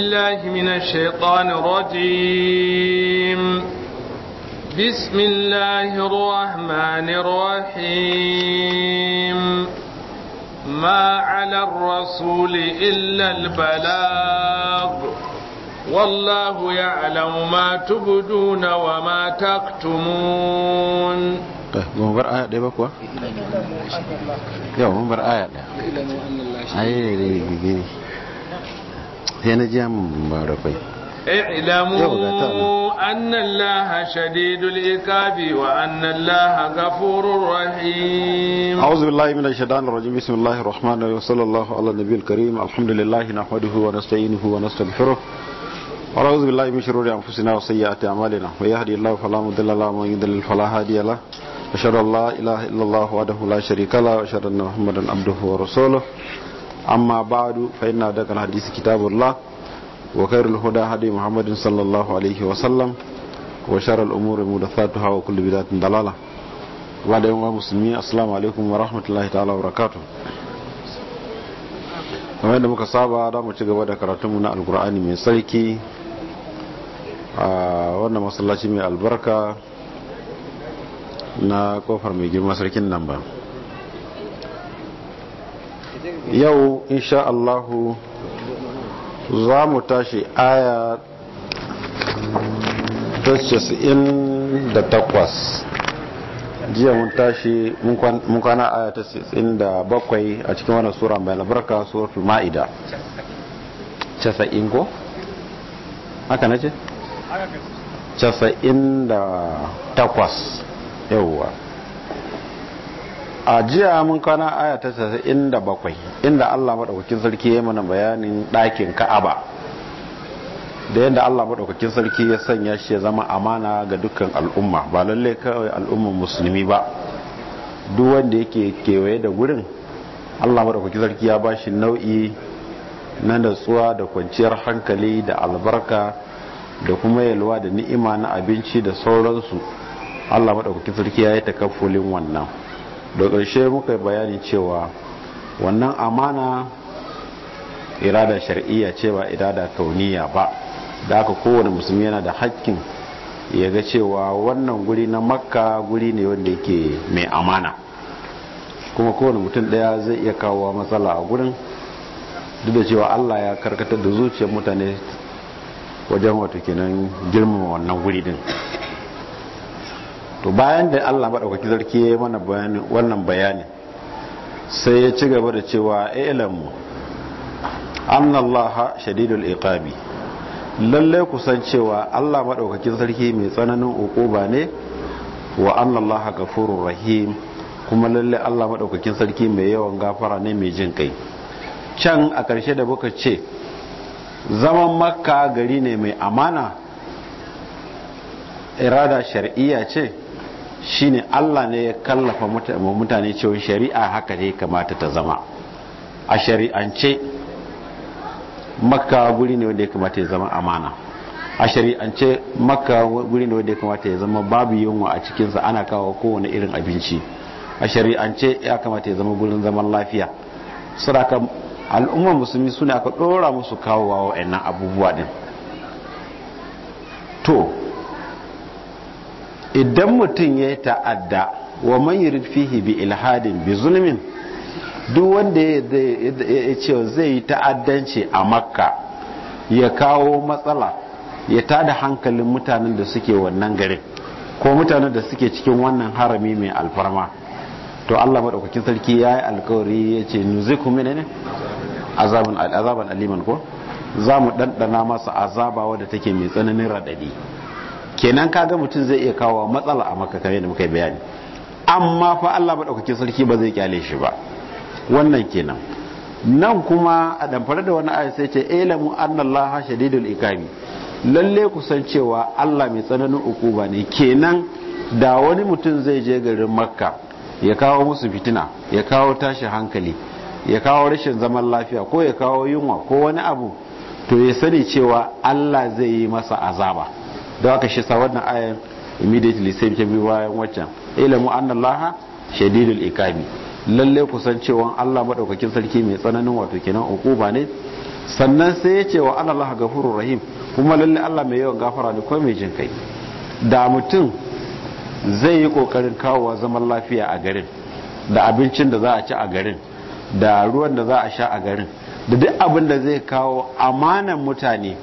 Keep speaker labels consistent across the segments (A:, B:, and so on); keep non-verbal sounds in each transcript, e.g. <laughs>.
A: الله من الشيطان الرجيم بسم الله الرحمن الرحيم ما على الرسول إلا البلاغ والله يعلم ما تبدون وما
B: تكتمون mun bar aya ɗaya ba kuwa? yau mun bar aya ɗaya ayi ne da gini sai na jiya marafai
A: ilamu annallaha shadidul ikabi wa annallaha ghafurur rahim a'udhu
B: billahi minash shaitanir rajim bismillahir rahmanir rahim sallallahu ala nabiyil karim alhamdulillahi nahmaduhu wa nasta'inuhu wa nastaghfiruh wa a'udhu billahi min shururi anfusina wa sayyiati a'malina wa yahdihillahu fala mudilla lahu wa yudlil fala hadiya lahu ashhadu an la ilaha illallah wahdahu la sharika lahu wa ashhadu anna muhammadan abduhu wa rasuluh أما بعد فإن أدق الحديث كتاب الله وخير الهدى هدي محمد صلى الله عليه وسلم وشر الأمور محدثاتها وكل بدعة ضلالة بعد يوم المسلمين السلام عليكم ورحمة الله تعالى وبركاته kamar yadda muka saba da mu ci gaba da karatunmu na alkur'ani mai tsarki a wannan masallaci mai albarka na kofar mai girma sarkin nan ba yau insha Allahu za mu tashi aya ta takwas jiya mun tashi mun kwana aya ta da bakwai a cikin wani sura mai albarka suratul ma'ida casa'in ko? haka na ce? casa'in da takwas yauwa a jiya mun kana aya ta 97 inda Allah madaukakin sarki ya mana bayanin ɗakin Ka'aba da yadda Allah madaukakin sarki ya sanya shi ya zama amana ga dukkan al'umma ba lalle kawai al'umman musulmi ba duk wanda yake kewaye da gurin Allah madaukakin sarki ya shi nau'i na natsuwa da kwanciyar hankali da albarka da kuma yalwa da ni'ima na abinci da sauransu Allah madaukakin sarki ya yi takaffulin wannan da ƙarshe muka bayani cewa wannan amana irada shar'iyya ce ba irada kauniya ba da aka kowane musulmi yana da hakkin ya ga cewa wannan guri na makka guri ne wanda yake mai amana kuma kowane mutum daya zai iya kawo matsala a gurin duk da cewa allah ya karkatar da zuciyar mutane wajen wata kenan girmama wannan guri din to bayan da Allah maɗaukaki zarki ya mana wannan bayani sai ya ci gaba da cewa ilamu annallaha shadidul iqabi lalle kusan cewa Allah maɗaukakin sarki mai tsananin uquba ne wa an ga gafurur rahim kuma lallai Allah maɗaukakin sarki mai yawan gafara ne mai jin kai can a ƙarshe da buka ce zaman makka gari ne mai amana irada shar'iyya ce shine Allah ne ya kallafa mutane cewa shari'a haka ne kamata ta zama a shari'ance makka guri ne wanda ya kamata ya zama amana a shari'ance makka guri ne wanda ya kamata ya zama babu yunwa a cikinsa ana kawo kowane irin abinci a shari'ance ya kamata ya zama gurin zaman lafiya saraka al'ummar musulmi suna ka dora musu kawowa wa'annan abubuwa din to idan mutum ya ta'adda wa man fihi bi ilhadin bi zulmin duk wanda ya ce zai yi ta'addanci a makka ya kawo matsala ya tada hankalin mutanen da suke wannan garin ko mutanen da suke cikin wannan harami mai alfarma to Allah madaukakin sarki ya yi alkawari ya ce nuziku mene ne azaban aliman ko za mu ɗanɗana masa azaba wadda take mai tsananin raɗaɗi kenan kaga mutum zai iya kawo matsala a maka kamar yadda muka bayani amma fa Allah madaukakin sarki ba zai kyale shi ba wannan kenan nan kuma a damfare da wani ayat sai ce ilamu annallaha shadidul iqabi lalle kusan cewa Allah mai tsananin ukuba ne kenan da wani mutum zai je garin makka ya kawo musu fitina ya kawo tashi hankali ya kawo rashin zaman lafiya ko ya kawo yunwa ko wani abu to ya sani cewa Allah zai yi masa azaba don ka shi sa wannan ayan immediately sai ta biyu bayan waccan ilimu annallaha shadidul ikami lalle cewa Allah madaukakin sarki mai tsananin wato kenan ukuba ne sannan sai ya ce wa ga gafurur rahim kuma lalle Allah mai yawan gafara ne ko mai jin kai da mutum zai yi kokarin kawowa zaman lafiya a garin da abincin da za a ci a garin da ruwan da za a sha a garin da duk abin da zai kawo amanan mutane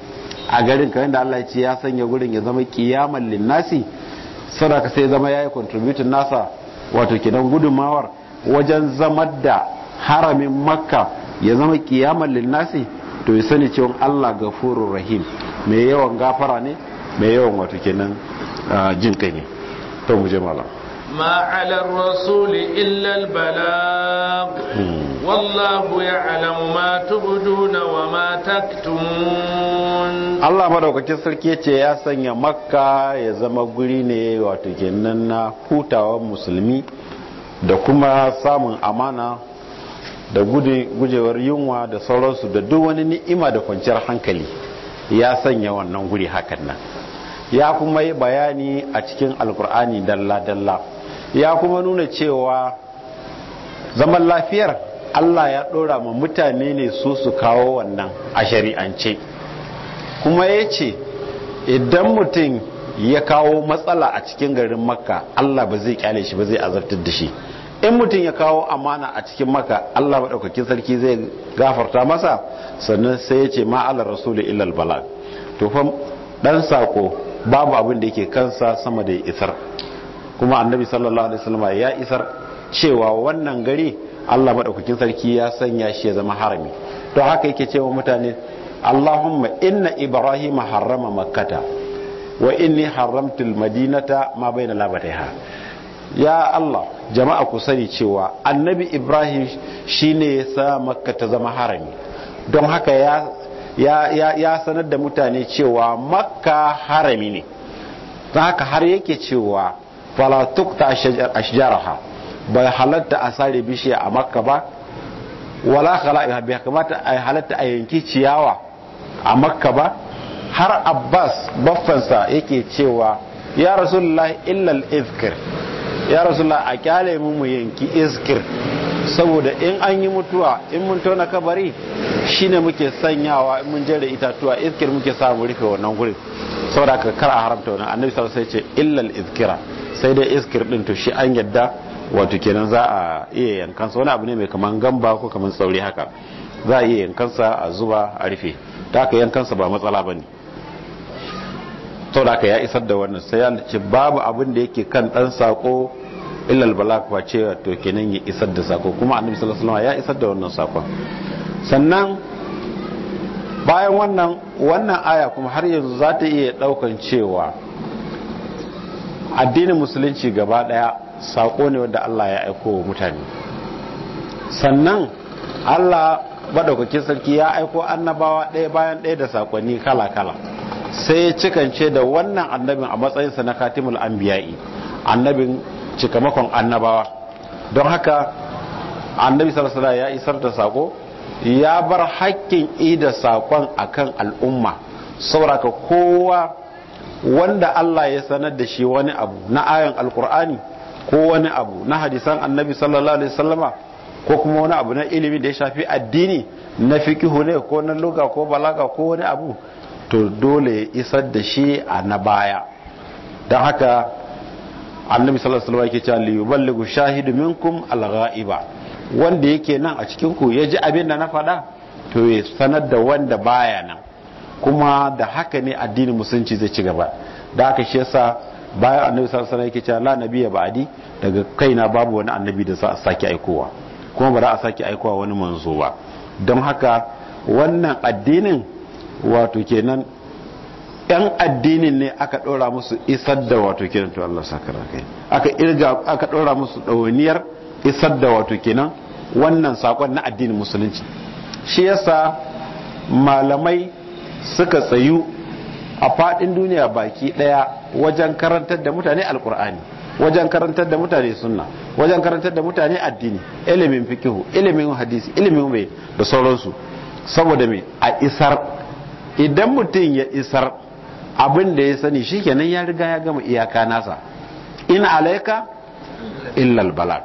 B: a garin kayan da Allah ya ce ya sanya gurin ya zama kiyaman linnasi sadaka sai zama ya yi contributing nasa wato kidan mawar wajen zamar da haramin makka ya zama kiyaman linnasi to ya sani cewa Allah gafurur rahim mai yawan gafara ne mai yawan wato kenan ah, jin kai ne to mu je
A: ما على الرسول إلا البلاغ والله يعلم ما تبدون وما تكتمون
B: الله مدوكاkin sarki ce ya sanya makka ya zama guri ne wato kenan na musulmi da kuma samun amana da gujewar yunwa da sauransu da duk wani ni'ima da kwanciyar hankali ya sanya wannan guri hakan nan ya kuma yi bayani a cikin alkur'ani dalla-dalla ya kuma nuna cewa zaman lafiyar Allah ya ɗora ma mutane ne su su kawo wannan a shari'ance kuma ya ce idan mutum ya kawo matsala a cikin garin makka Allah ba zai kyale shi ba zai azartar da shi in mutum ya kawo amana a cikin Makka Allah maɗaukakin sarki zai gafarta masa sannan sai ya ce ma'alar rasulun illal bala to ɗan sako babu abin da yake kansa sama da ya isar kuma annabi sallallahu alaihi wasallam ya isar cewa wannan gari Allah madaukakin sarki ya sanya shi ya zama harami to haka yake cewa mutane Allahumma inna Ibrahim harrama makkata wa inni haramtu almadinata ma baina labataiha ya Allah jama'a ku sani cewa annabi Ibrahim shine ya sa makka ta zama harami don haka ya ya, ya, ya sanar da mutane cewa makka harami ne ta haka har yake cewa fala tukta ashjaraha bai halatta a sare bishiya a makka ba wala khala'iha bai kamata a halatta a yanki ciyawa a makka ba har abbas baffansa yake cewa ya rasulullahi illal izkir ya rasulullah a kyale mu mu yanki iskir saboda in an yi mutuwa in mun tona kabari ne muke sanyawa in mun jere itatuwa iskir muke samu rufe wannan gurin saboda ka kar a haramta wannan annabi sallallahu alaihi ce illal izkira sai dai iskir din to shi an yadda wato kenan za a iya yankansa wani abu ne mai kaman gamba ko kaman tsauri haka za a iya yankansa a zuba a rufe ta haka yankansa ba matsala bane da aka ya isar da wannan sai ya ce babu abin da yake kan dan sako illal balak wa ce to kenan ya isar da sako kuma annabi sallallahu alaihi wasallam ya isar da wannan sako. sannan bayan wannan wannan aya kuma har yanzu za ta iya daukan cewa addinin musulunci gaba daya sako ne wanda Allah ya aiko wa mutane sannan Allah madaukakin sarki ya aiko annabawa ɗaya bayan ɗaya da sakonni kala-kala sai ya cikance da wannan annabin a matsayinsa na katimul anbiya'i annabin cikamakon annabawa don haka annabi sarasala ya isar da sako ya bar hakkin ida sakon kan al'umma sauraka kowa wanda Allah ya sanar da shi wani abu na ayon alkur'ani ko wani abu na hadisan annabi sallallahu alaihi wasallama ko kuma wani abu na ilimi da ya shafi addini na fikihu ne ko na luga ko balaga ko wani abu to dole ya isar da shi a na baya don haka annabi sallallahu alaihi wasallam yake cewa li yuballighu shahidu minkum al wanda yake nan a cikin ku ya ji abin da na faɗa to ya sanar da wanda baya nan kuma da haka ne addinin musulunci zai ci gaba da haka shi yasa bayan annabi sallallahu alaihi wasallam yake cewa la nabiyya ba'di daga kaina babu wani annabi da za a sake aikowa kuma ba za a sake aikowa wani manzo ba don haka wannan addinin wato kenan yan addinin ne aka ɗora musu isar da wato kenan to Allah sakara kai aka irga aka ɗora musu ɗawainiyar isar da wato kenan wannan sakon na addinin musulunci shi yasa malamai suka tsayu a faɗin duniya baki ɗaya wajen karantar da mutane alkur'ani wajen karantar da mutane sunna wajen karantar da mutane addini ilimin fikihu ilimin hadisi ilimin mai da sauransu saboda mai a isar idan mutum ya isar abin da ya sani shikenan ya riga ya gama iyaka nasa in alaika illal balad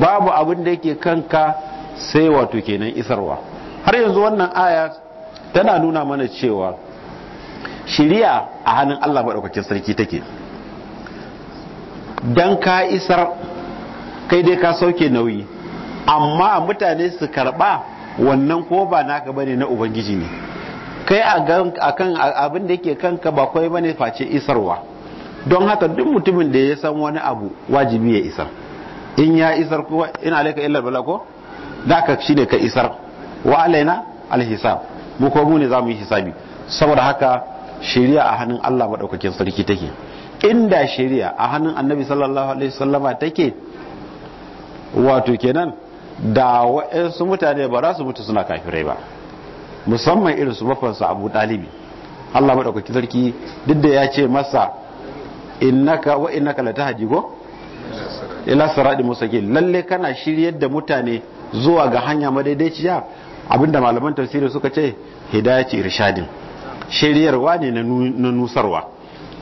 B: babu abin da yake kanka sai wato kenan isarwa har yanzu wannan aya tana nuna mana cewa shiriya a hannun Allah maɗaukakin sarki take dan ka isar kai dai ka sauke nauyi amma mutane su karɓa wannan ko ba naka bane na ubangiji ne kai a akan abin da yake kanka ba kawai bane face isarwa don haka duk mutumin da ya san wani abu wajibi ya isar in ya isar kuwa in alaika illa bala ko da ka shine ka isar wa alaina alhisab mu ko mu ne zamu yi hisabi saboda haka shari'a a hannun Allah madaukakin sarki take inda shari'a a hannun Annabi sallallahu alaihi wasallama take wato kenan da wa'ansu mutane ba za su mutu suna kafirai ba musamman irin su bafansa abu dalibi allah maɗaukaki sarki duk da ya ce masa innaka wa innaka la tahdi go ila sirati mustaqim lalle kana shiryar da mutane zuwa ga hanya madaidaiciya abinda malaman tafsiri suka ce hidayati irshadin shiryarwa ne na nusarwa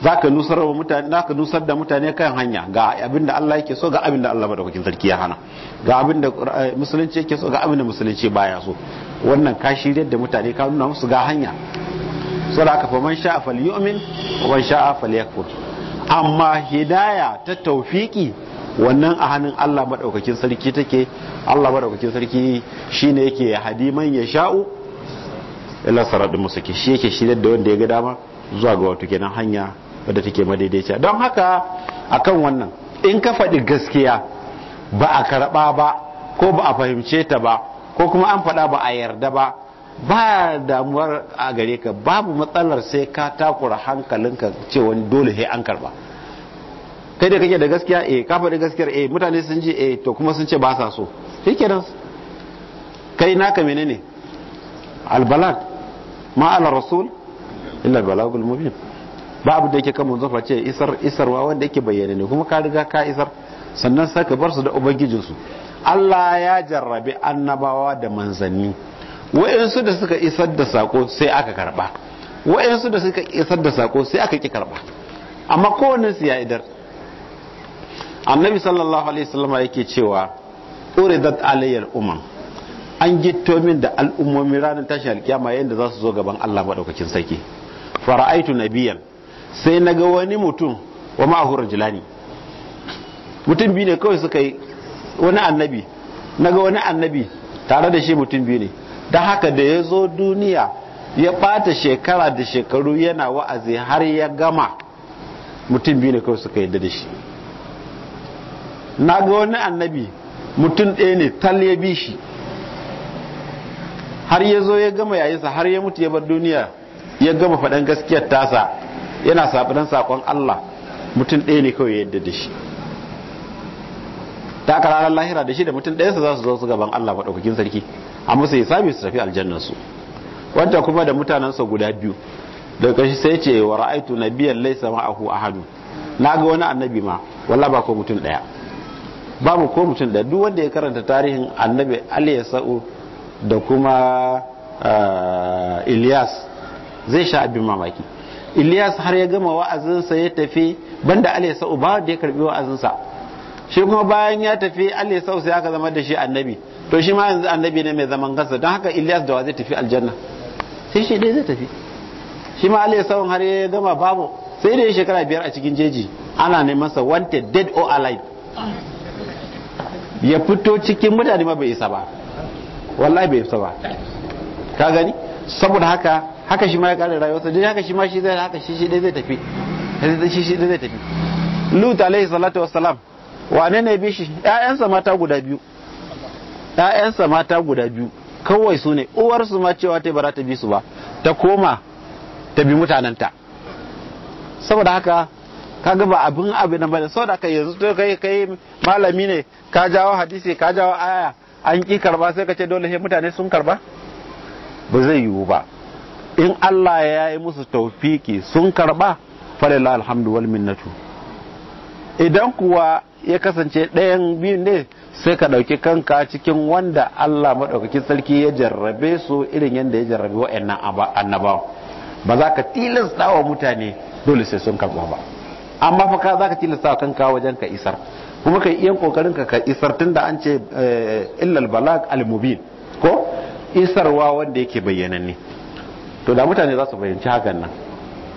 B: zaka nusar mutane zaka nusar da mutane kan hanya ga abinda Allah yake so ga abinda Allah madaukakin sarki ya hana ga abinda musulunci yake so ga abinda musulunci baya so wannan ka shiryar da mutane ka nuna musu ga hanya aka fa man sha'a falyu'min wa man sha'a falyakfur amma hidaya ta tawfiki wannan a hannun Allah madaukakin sarki take Allah madaukakin sarki shine yake hadiman ya sha'u ila saradin musaki shi yake shiryar da wanda ya ga dama zuwa ga wato kenan hanya wadda take madaidaiciya don haka akan wannan in ka faɗi gaskiya ba a karɓa ba ko ba a fahimce ta ba ko kuma an faɗa ba a yarda ba ba damuwar a gare ka babu matsalar sai ka takura hankalinka wani dole sai an karba kai da kake da gaskiya eh ka faɗi gaskiyar eh mutane sun ji eh to kuma sun ce ba sa so shikenan kai naka menene albalad ma ala rasul illa balagul mubin ba abu da yake kan manzo face isar isarwa wanda yake bayyana ne kuma ka riga ka isar sannan sai ka bar su da ubangijinsu Allah ya jarrabe annabawa da manzanni wa'yansu da suka isar da sako sai aka karba wa'yansu da suka isar da sako sai aka ki karba amma kowanne su ya idar annabi sallallahu alaihi wasallam yake cewa uridat alayyal umam an gitto min da al'ummomi ranar tashin alkiyama yadda za su zo gaban Allah madaukakin sarki fara'aitu nabiyan sai naga wani mutum wa ma'ahu mutum biyu ne kawai suka yi wani annabi naga wani annabi tare da shi mutum biyu ne da haka da ya zo duniya ya ɓata shekara da shekaru yana wa'azi har ya gama mutum biyu ne kawai suka yadda da shi na ga wani annabi mutum ɗaya ne tal ya bi shi har ya zo ya gama yayinsa har ya mutu ya bar duniya ya gama faɗan gaskiyar tasa yana saɓanin saƙon Allah mutum ɗaya ne kawai yadda da shi da aka ranar lahira da shi da mutum ɗayansa za su zo su gaban Allah maɗaukakin sarki a musu ya sami su tafi aljannan su. wanda kuma da mutanensa guda biyu daga ƙarshe sai ce wa ra'aitu biyan laisa ma'ahu ahadu na ga wani annabi ma walla ba ko mutum ɗaya babu ko mutum ɗaya duk wanda ya karanta tarihin annabi Ali Sa'u da kuma eh, Ilyas zai sha abin mamaki Ilyas har ya gama wa'azinsa ya tafi banda Ali Sa'u ba da ya karbi wa'azinsa shi kuma bayan ya tafi al sau sai aka zama da shi annabi to shi ma yanzu annabi ne mai zaman kansa don haka Ilyas da wa zai tafi aljanna sai shi dai zai tafi shi ma al sau har ya gama babu sai dai shekara biyar a cikin jeji ana neman sa wanted dead or alive ya fito cikin mutane ma bai isa ba wallahi bai isa ba ka gani saboda haka haka shi ma ya kare rayuwarsa dai haka shi ma shi zai haka shi shi dai zai tafi shi shi dai zai tafi lut alaihi salatu wassalam wane ne bishi shi mata guda biyu mata guda biyu kawai su ne uwarsu ma cewa ta ba ta bi su ba ta koma ta bi mutananta saboda haka ka gaba abin abu na bane saboda haka yanzu to kai kai malami ne ka jawo hadisi ka jawo aya an ki karba sai ka ce dole sai mutane sun karba ba zai yiwu ba in Allah ya yi musu taufiki sun karba falillah alhamdu wal minnatu idan kuwa ya kasance ɗayan biyu ne sai ka ɗauki kanka cikin wanda Allah maɗaukakin sarki ya jarrabe su irin yadda ya jarrabe wa'annan annaba ba za ka tilasta wa mutane dole sai sun karɓa ba amma fa ka za ka tilasta wa kanka wajen ka isar kuma ka iya kokarin ka ka isar tunda an ce eh, illal balag al mubin ko isarwa wanda yake bayyananne to da mutane za su bayyanci hakan nan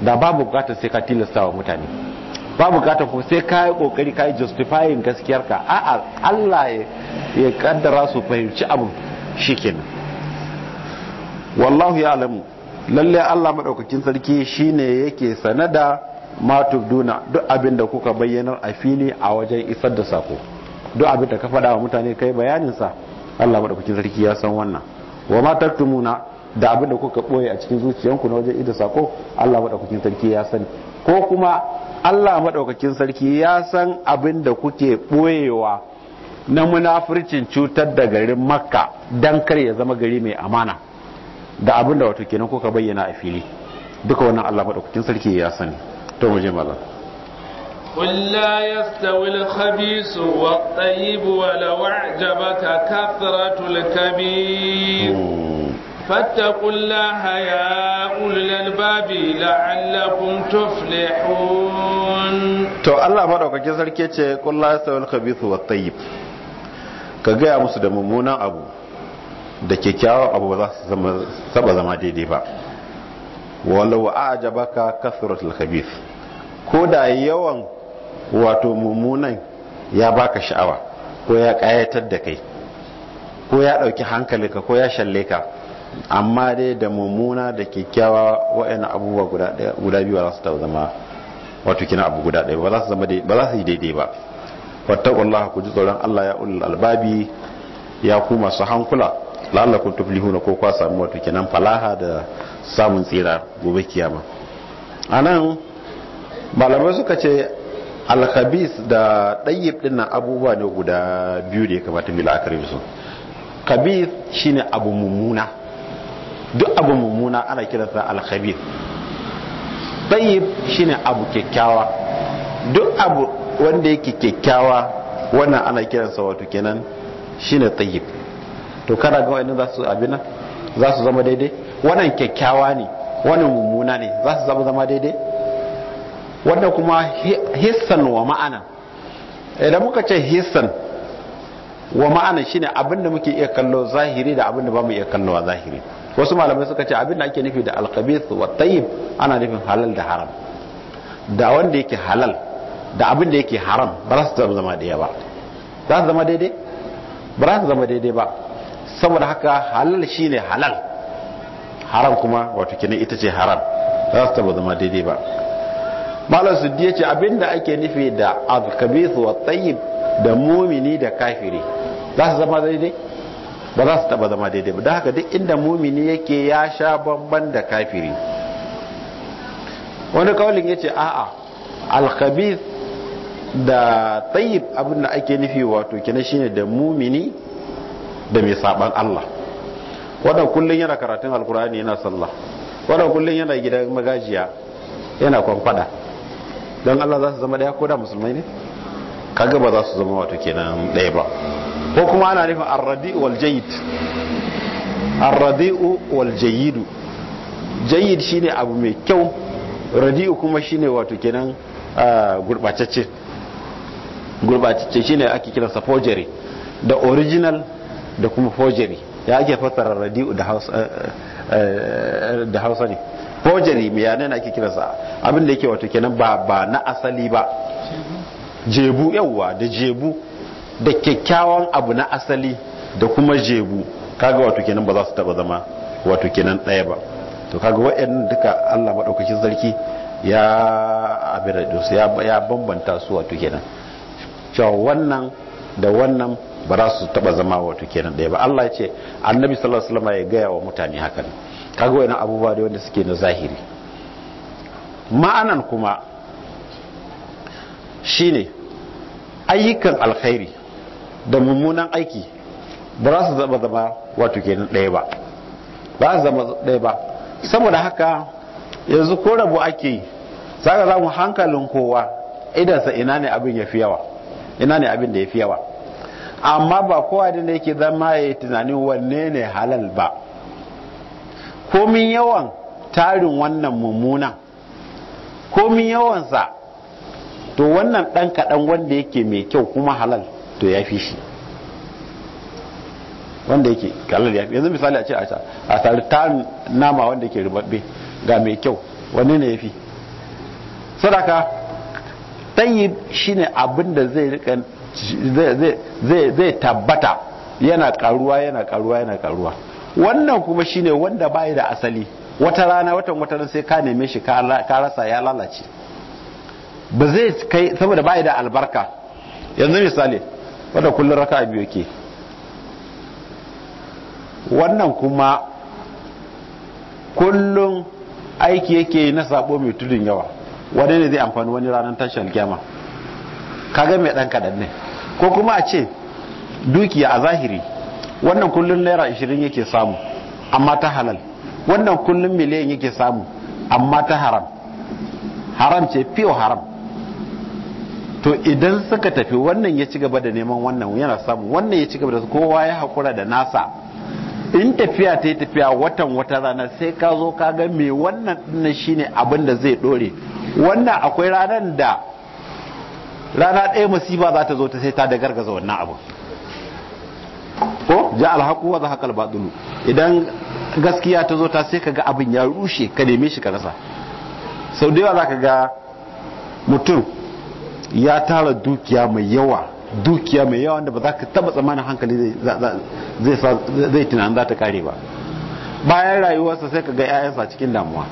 B: da babu bukatar sai ka tilasta wa mutane ba bukata ko sai ka yi kokari ka yi justifying gaskiyarka a'a Allah ya kaddara su fahimci abu shi kenan wallahu ya alamu lalle Allah madaukakin sarki shine yake sanada ma duna duk abin da kuka bayyana a fili a wajen isar da sako duk abin da ka faɗa wa mutane kai bayanin sa Allah madaukakin sarki ya san wannan wa ma taktumuna da abin da kuka ɓoye a cikin zuciyanku na wajen idan sako Allah madaukakin sarki ya sani ko kuma Allah maɗaukakin sarki ya san abin da kuke ɓoyewa na munafircin cutar da garin makka don kar ya zama gari mai amana da abin da wato kenan kuka bayyana a fili duka wannan Allah maɗaukakin sarki ya sani to mu je malam
A: قل لا يستوي الخبيث والطيب ولو أعجبك كثرة
B: الكبير
A: فاتقوا الله يا أولي الباب لعلكم تفلحون
B: تو الله مدوك جزر كيتي قل الله سوى الخبيث والطيب كجاء مسلم مونا أبو da kyakkyawan abu ba za su saba zama daidai ba walau ajabaka kasratul khabith ko da yawan wato mummunan ya baka sha'awa ko ya kayatar da kai ko ya dauki hankalinka ko ya shalle ka amma dai da mummuna da kyakkyawa wa'in abubuwa guda biyu za su ta zama wato kina abu guda ɗaya ba za su zama ba za su yi daidai ba fattaqullaha ku ji tsoron Allah ya ulul albabi ya ku masu hankula la'allakum tuflihuna ko kwa samu wato kinan falaha da samun tsira gobe kiyama anan malamai suka ce alkhabis da ɗayyib din abubuwa ne guda biyu da ya kamata mu la'akari su khabis shine abu mummuna duk abu mummuna ana kiransa alkhabir tayyib shine abu kyakkyawa duk abu wanda yake kyakkyawa wannan ana kiransa wato kenan shine tayyib to kana ga wannan za su abina za su zama daidai wannan kyakkyawa ne wannan mummuna ne za su zama zama daidai wannan kuma hissan wa ma'ana idan muka ce hissan wa ma'ana shine abinda muke iya kallo zahiri da abinda ba mu iya kallo a zahiri wasu malamai suka ce abin da ake nufi da alkabith wa tayyib ana nufin halal da haram da wanda yake halal da abin da yake haram ba za su zama daya ba za su zama daidai ba za su zama daidai ba saboda haka halal shine halal haram kuma wato kenan ita ce haram za su zama daidai ba malam suddi ce abin da ake nufi da alkabith wa tayyib da mumini da kafiri za su zama daidai ba za su taba zama daidai ba da haka duk inda mumini yake ya sha bamban da kafiri wani kaulin ya ce a'a alkhabis da tsayib abin da ake nufi wato kina shine da mumini da mai saban Allah wadda kullum yana karatun alkurani yana sallah wadda kullum yana gidan magajiya yana kwamfada don Allah za su zama daya ko da musulmai ne kaga ba za su zama wato kenan daya ba ko kuma ana nufin arradi'u wal jayyid arradi'u wal jayyid jayyid shine abu mai kyau radi'u kuma shine wato kenan gurbatacce gurbatacce shine ake kiransa forgery da original da kuma forgery ya ake fassara radi'u da hausa da hausa ne forgery mai yana ake kiransa abin da yake wato kenan ba ba na asali ba jebu yawwa da jebu da kyakkyawan abu na asali da kuma jebu kaga wato kenan ba za su taba zama wato kenan ɗaya ba to kaga waɗannan duka Allah maɗaukacin sarki ya abin ya bambanta su wato kenan cewa wannan da wannan ba za su taba zama wato kenan ɗaya ba Allah ya ce annabi sallallahu alaihi wasallam ya gaya wa mutane hakan kaga wayannan abubuwa da wanda suke na zahiri ma'anan kuma shine ayyukan alkhairi da mummunan aiki ba za su zama zama wato kenan ɗaya ba ba za su zama ɗaya ba saboda haka yanzu ko rabu ake yi za ka zama hankalin kowa idansa ina ne abin ya fi yawa ina ne abin da ya fi yawa amma ba kowa da yake zama ya yi tunanin wanne ne halal ba komin yawan tarin wannan mummunan komin yawansa to wannan ɗan kaɗan wanda yake mai kyau kuma halal to ya fi shi wanda yake kallar ya fi yanzu misali a ce a tsari tarin nama wanda ke rubabbe ga mai kyau wani ne ya fi sadaka tayi shine abin da zai zai tabbata yana karuwa yana karuwa yana karuwa wannan kuma shine wanda bayi da asali wata rana watan wata sai ka neme shi ka rasa ya lalace ba zai kai saboda bayi da albarka yanzu misali wadda kullum raka biyu ke wannan kuma kullum aiki yake na sabo mai tudun yawa wani ne zai amfani wani ranar tashar gyama kaga mai dan kaɗan ne ko kuma a ce dukiya a zahiri wannan kullum naira 20 yake samu amma ta halal wannan kullum miliyan yake samu amma ta haram haram ce fiye haram to idan suka tafi wannan ya ci gaba da neman wannan yana samu wannan ya ci gaba da kowa ya hakura da nasa in tafiya ta yi tafiya watan wata rana sai ka zo ka ga me wannan dinnan shine abin da zai dore wannan akwai ranar da rana ɗaya musiba za ta zo ta sai ta da gargaza wannan abu ko ja alhaku wa zahaqa idan gaskiya ta zo ta sai ka ga abin ya rushe ka neme shi ka rasa sau da yawa zaka ga mutum ya tara dukiya mai yawa dukiya mai yawa wanda ba za ka taba tsamanin hankali zai tunanin za ta kare ba bayan rayuwarsa sai ka ga 'ya'yansa cikin damuwa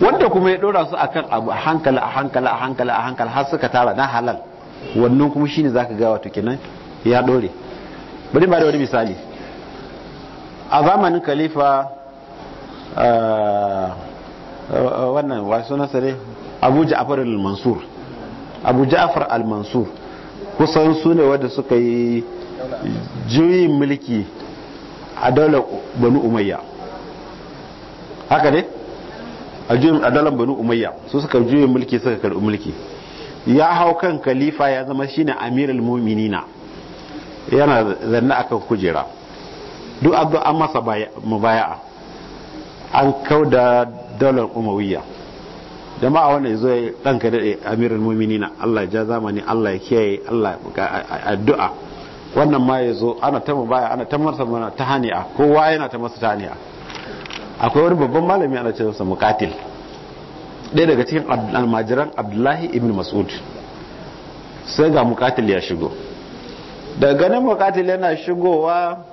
B: wanda kuma ya dora su akan abu a hankali a hankali a hankali a hankali har suka tara na halal wannan kuma shine ka ga wato kenan ya dore bari ba da wani misali a zamanin khalifa ah, ah, wannan wasu nasare abu ja'far al-mansur abu ja'far al-mansur kusan su ne wadda suka yi juyin mulki a daular banu umayya haka ne a juyin a daular banu umayya su suka juyin mulki suka karɓi mulki ya hau kan khalifa ya zama shine Amiral mu'minina yana zanna akan kujera duk abu an masa mubaya'a an kauda daular umawiyya jama'a wanda ya zo ya danka dade amirul mu'minina Allah ja zamani Allah ya kiyaye Allah addu'a wannan ma ya zo ana ta baya ana ta masa mana ta kowa yana ta masa hani'a akwai wani babban malami ana ce masa muqatil dai daga cikin almajiran abdullahi ibn mas'ud sai ga muqatil ya shigo daga ganin muqatil yana shigowa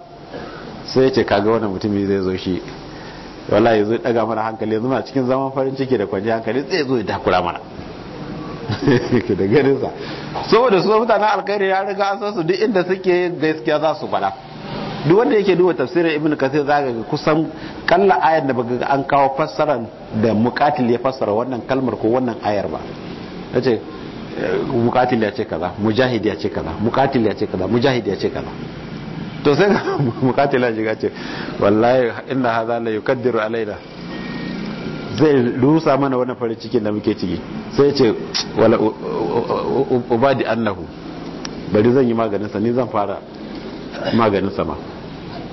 B: sai ya ce kaga wannan mutumin zai zo shi wala ya zo ya daga mana hankali yanzu na cikin zaman farin ciki da kwanci hankali zai zo ya takura mana <laughs> da sa saboda su mutane alkhairi ya riga an san su duk inda suke gaskiya za su fada duk wanda yake duba tafsirin ibnu kasir zaka ga kusan kalla ayar da baka an kawo fassarar da muqatil ya fassara wannan kalmar ko wannan ayar ba yace muqatil ya ce kaza mujahid ya ce kaza muqatil ya ce kaza mujahid ya ce kaza to sai mukatila <laughs> ga ce wallahi inna hadha la yukaddiru alaina zai rusa mana wani farin cikin da muke ciki sai ce wala ubadi annahu bari zan yi maganin sa ni zan fara maganin sa ma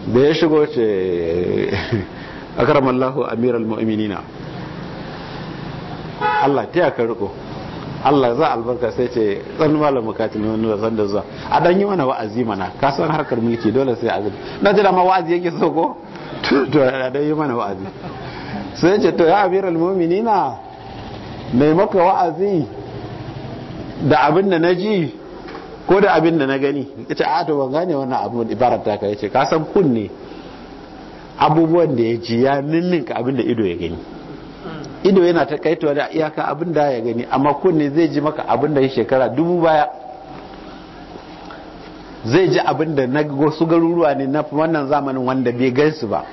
B: da ya shigo ce <laughs> akramallahu amiral mu'minina Allah ta ya ka riko Allah za albarka sai ce zan malam mukatin ne wani zan da zuwa a dan yi mana wa'azi mana ka san harkar mulki dole sai a zuwa na ce dama wa'azi yake so ko to a dan yi mana wa'azi sai ce to ya amiral mu'minina mai maka wa'azi da abin da na ji ko da abin da na gani ce a to ban gane wannan abu ibarar ta ka yace ka san kunne abubuwan da ya ji ya ninninka abin da ido ya gani ido yana ta kaitowa da iyaka abin da ya gani amma kunne zai ji maka abin da ya shekara dubu baya zai ji abin da na wasu garuruwa ne na wannan zamanin wanda bai gaisu ba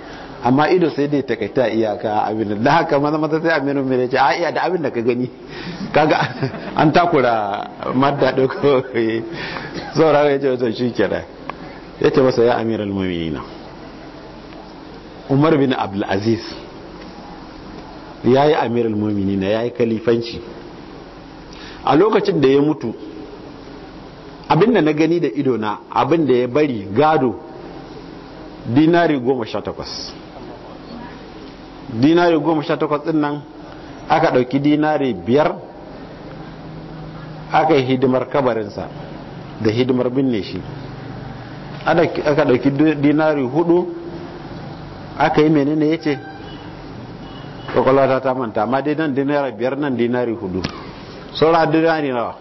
B: amma ido sai dai ta kaita iyaka abin da haka maza maza sai aminu mai ce a iya da abin da ka gani kaga <laughs> an takura madda da eh, saurara ya ce shi kenan ya ce masa ya amiral mu'minina umar bin abdul aziz ya yi mummini na ya yi kalifanci a lokacin da ya mutu abinda na gani da ido na abinda ya bari gado dinari goma sha takwas dinari goma sha takwas din nan aka ɗauki dinari biyar aka yi hidimar kabarinsa da hidimar binne shi aka ɗauki dinari hudu aka yi menene ya ce kwakwalwata ta manta amma dai nan dinari biyar nan dinari hudu saura dinari nawa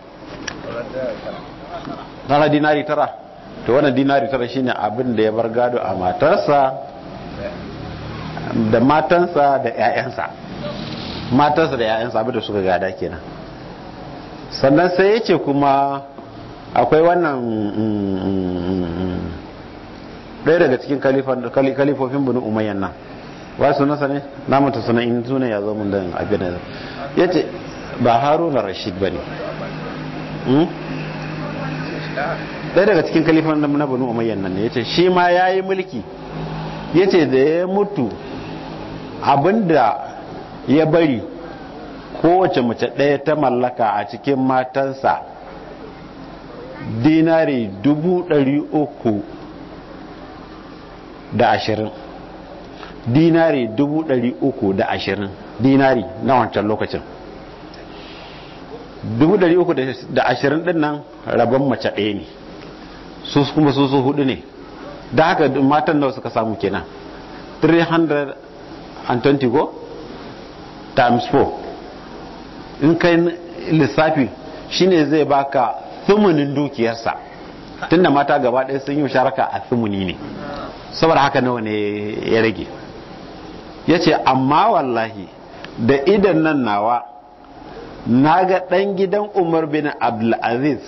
B: na dinari tara to wannan dinari tara shine abin da ya bar gado a matarsa da matansa da 'ya'yansa matarsa da 'ya'yansa abin da suka gada kenan sannan sai ya ce kuma akwai wannan ɗaya daga cikin kalifofin bunu umayyan nan wa nasa ne na mata suna in sunan ya zo mun da abin da ya ce ba haruna rashid ba ne hmm? ɗaya daga cikin kalifan na banu umayyan nan ne ya ce shi ma ya yi mulki ya ce da ya mutu abinda ya bari kowace mace ɗaya ta mallaka a cikin matansa dinari dubu ɗari uku da ashirin dinari dubu ɗari uku da ashirin dinari na wancan lokacin dubu ɗari uku da ashirin ɗin nan rabon mace ɗaya ne su kuma su su hudu ne da haka matan nawa suka samu kenan 320 go times 4 in kai lissafi shine zai baka thumunin dukiyarsa tunda mata gaba ɗaya sun yi sharaka a thumuni ne saboda haka nawa ne ya rage ya ce amma wallahi da idan nan nawa na ga ɗan gidan umar bin abdulaziz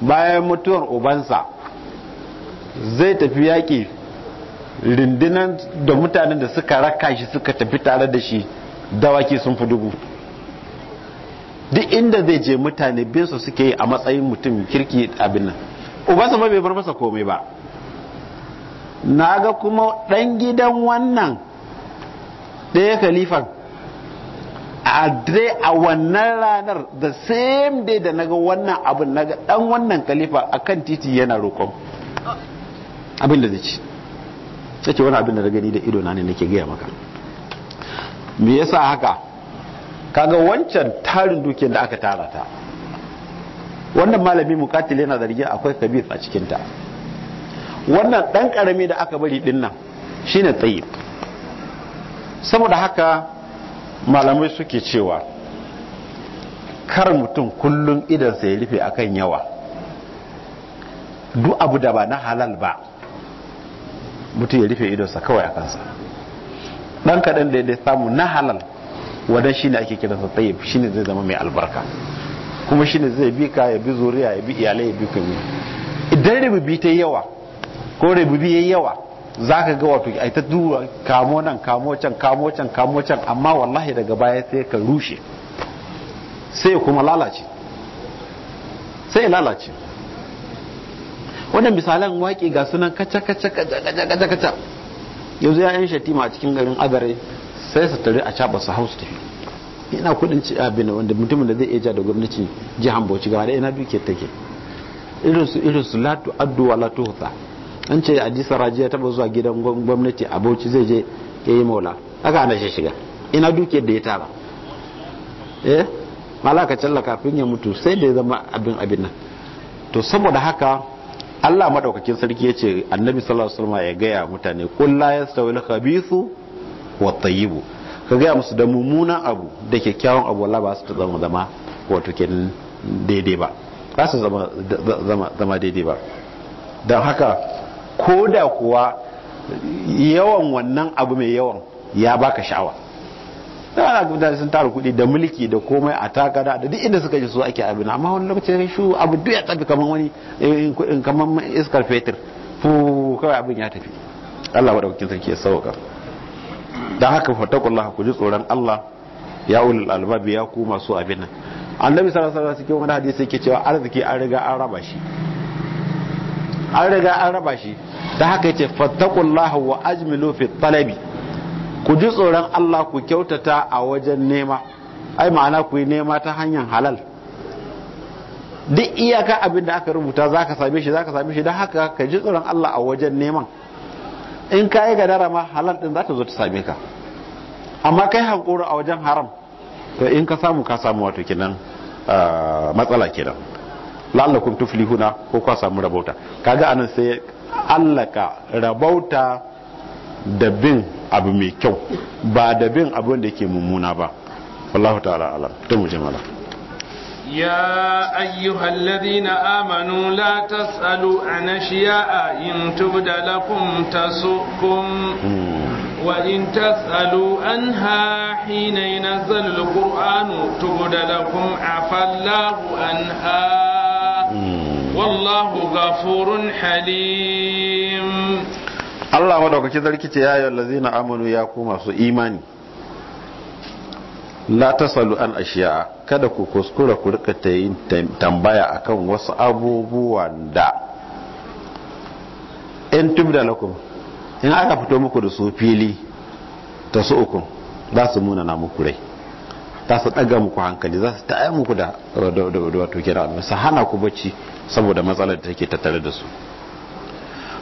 B: bayan mutuwar ubansa zai tafi yaƙi rindinan da mutanen da suka raka shi suka tafi tare da shi dawaki sun fi dubu duk inda zai je mutane binsu suke yi a matsayin mutum kirki abin nan ubansa ma bai bar masa komai ba na ga kuma ɗan gidan wannan ɗaya khalifan a dare a wannan ranar da same day da naga wannan abin naga dan wannan khalifa akan titi yana roƙon abin da zai ce wani abin da da ido na ne nake gaya maka me yasa haka kaga wancan tarin dukiyar da aka tara ta wannan malami mukatil yana zargin akwai kabir a cikinta wannan ɗan ƙarami da aka bari ɗin nan shine tsayi saboda haka malamai suke cewa kar mutum kullum idansa ya rufe akan yawa duk abu da ba na halal ba mutum ya rufe idonsa kawai a kansa dan kaɗan da ya samu na halal wadan shi ne ake kiransa tsaye shi ne zai zama mai albarka kuma shi ne zai bi ka ya bi zuriya ya bi iyalai ya bi kami idan rububi ta yawa ko rububi ya yawa za ka ga wato ai ta duwa kamo nan kamo can kamo can kamo can amma wallahi daga baya sai ka rushe sai kuma lalace sai ya lalace wannan misalan waƙe ga sunan kaca kaca kaca kaca kaca yanzu ya yin shatima a cikin garin agare sai su tare a caba su hausa tafi ina kudin ci abin wanda mutumin da zai iya da gwamnati jihar bauchi gaba da ina duke take irin su irin su latu addu'a latu hutsa an ce a jisar rajiya taba zuwa gidan gwamnati a bauchi zai je ya yi maula aka ana shi shiga ina dukiyar da ya tara eh malaka challa kafin ya mutu sai da ya zama abin abin nan to saboda haka Allah madaukakin sarki ya ce annabi sallallahu alaihi ya gaya mutane ya la yastawil khabithu wat bu ka gaya musu da mummunan abu da kyakkyawan abu wallahi ba su ta zama zama wato ke daidai ba ba su zama daidai ba don haka ko da kuwa yawan wannan abu mai yawan ya baka sha'awa da ana gudanar sun tara kuɗi da mulki da komai a takara da duk inda suka ji su ake abin amma wani lokacin shu abu duk ya tafi kamar wani eh, kamar iskar fetur fu kawai abin ya tafi Allah wa daukakin sarki ya sauka dan haka fatakullaha ku ji tsoron Allah ya ulul albabi ya ku masu abin nan annabi sallallahu alaihi wasallam cikin wani hadisi yake cewa arziki an riga an raba shi an riga an raba shi ta haka yace fattaqullaha wa ajmilu fi talabi ku ji tsoron Allah ku kyautata a wajen nema ai ma'ana ku yi nema ta hanyar halal duk iyaka abin da aka rubuta zaka same shi zaka same shi don haka ka ji tsoron Allah a wajen neman in ka yi gadara ma halal din za ta zo ta same ka amma kai hankuru a wajen haram to in ka samu ka samu wato kinan ah, matsala kenan la'allakum tuflihuna ko kwa samu rabauta kaga anan sai allaka rabauta da bin abu mai kyau ba da bin abu da yake mummuna ba wallahu ta'ala alam ta mu jama'a
A: يا أيها الذين آمنوا لا تسألوا عن أشياء إن تبد لكم تسؤكم وإن تسألوا عنها حين ينزل القرآن تبد لكم عفى الله عنها wallahu ghafurun halim
B: Allah madaukaki sarki ce ya lazina amanu ya ku masu imani la tasalu an ashiya kada ku kuskura ku rika ta yin tambaya akan wasu abubuwan da in tubda lakum in aka fito muku da su fili ta su uku, za su munana muku rai za su ɗaga muku hankali za su taya muku da wato kira su hana ku bacci saboda matsalar da take tattare da su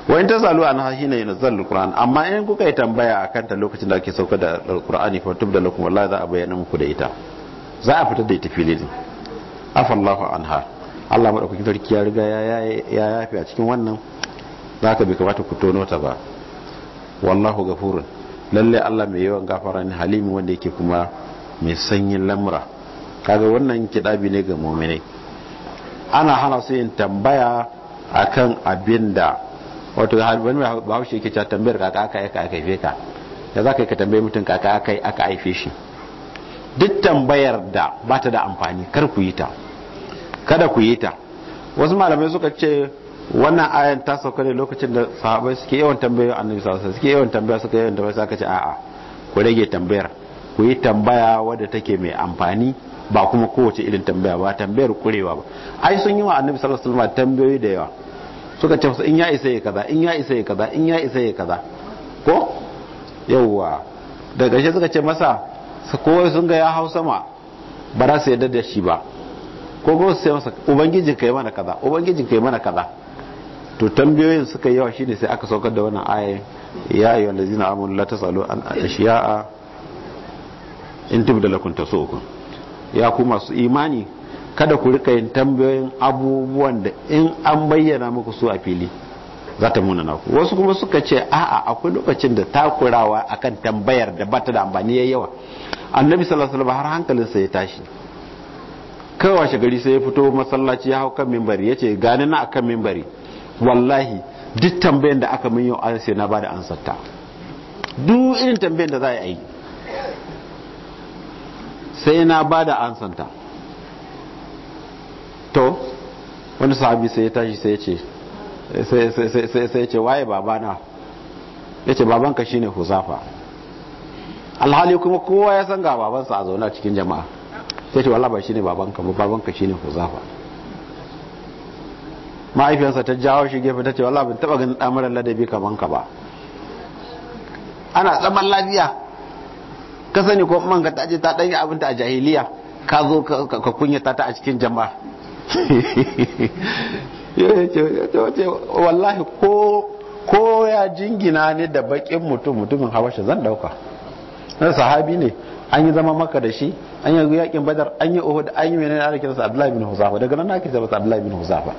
B: wa in tasalu an hahina zallu qur'an amma in kuka yi tambaya akan ta lokacin da ake sauka da qur'ani fa tubda lakum wallahi za a bayyana muku da ita za a fitar da ita fili ne afallahu anha Allah madaukakin sarki ya riga ya yafi a cikin wannan zaka bi kamata ku tono ta ba wallahu ghafurun lalle Allah mai yawan gafara ne halimi wanda yake kuma mai sanyin lamura kaga wannan kidabi ne ga mu'minai ana hana su yin tambaya akan da wato wani mai bahaushe yake cewa tambayar kaka aka yi aka haife ka da za ka yi ka tambayi mutum kaka aka yi aka haife shi duk tambayar da ba ta da amfani kar ku yi ta kada ku yi ta wasu malamai suka ce wannan ayan ta sauka ne lokacin da sahabai suke yawan tambayoyi annabi sallallahu alaihi wasallam suke yawan tambaya suka yawan tambaya suka ce a'a ku rage tambayar ku yi tambaya wadda take mai amfani ba kuma kowace irin tambaya ba tambayar kurewa ba ai sun yi wa annabi sallallahu alaihi wasallam tambayoyi da yawa suka ce in ya isa ya kaza in ya isa ya kaza in ya isa ya kaza ko yawwa daga shi suka ce masa kowai sun ga ya hau sama ba za su yarda da shi ba ko ba su sai masa ubangiji kai mana kaza ubangiji kai mana kaza to tambayoyin suka yawa shine sai aka saukar da wannan aya ya ayyuhallazina amanu la tasalu an ashiya'a in tubda so uku ya ku masu imani kada ku rika yin tambayoyin abubuwan da in an bayyana muku su a fili za ta muna naku wasu kuma suka ce a'a akwai lokacin da takurawa akan tambayar da bata da amfani yayi yawa annabi sallallahu alaihi har hankalinsa ya tashi kawai washe gari sai ya fito masallaci ya hau kan mimbari ya ce gani na akan mimbari wallahi duk tambayar da aka min yau an sai na bada ansarta duk irin tambayan da za a yi sai na ba da ansanta to wani sahabi sai ya tashi sai ce sai ce waye babana ya ce babanka shine huzafa alhali kuma kowa ya san ga babansa a zaune cikin jama'a sai ce wala shi ne babanka ba babanka shine huzafa ma'aifiyarsa ta jawo shi gefe ta ce wala ban taba ganin damarar ladabi kamanka ka ba ana tsaman lafiya ka sani ko man ka ta je ta danya abinta a jahiliya ka zo ka kunyata ta a cikin jama'a <laughs> wallahi ko ko ya jingina ne da bakin mutum mutumin habasha zan dauka na sahabi ne an yi zama maka da shi an yi yakin badar an yi uhud an yi menene ana kiransa abdullahi bin huzafa daga nan ake kiransa abdullahi bin huzafa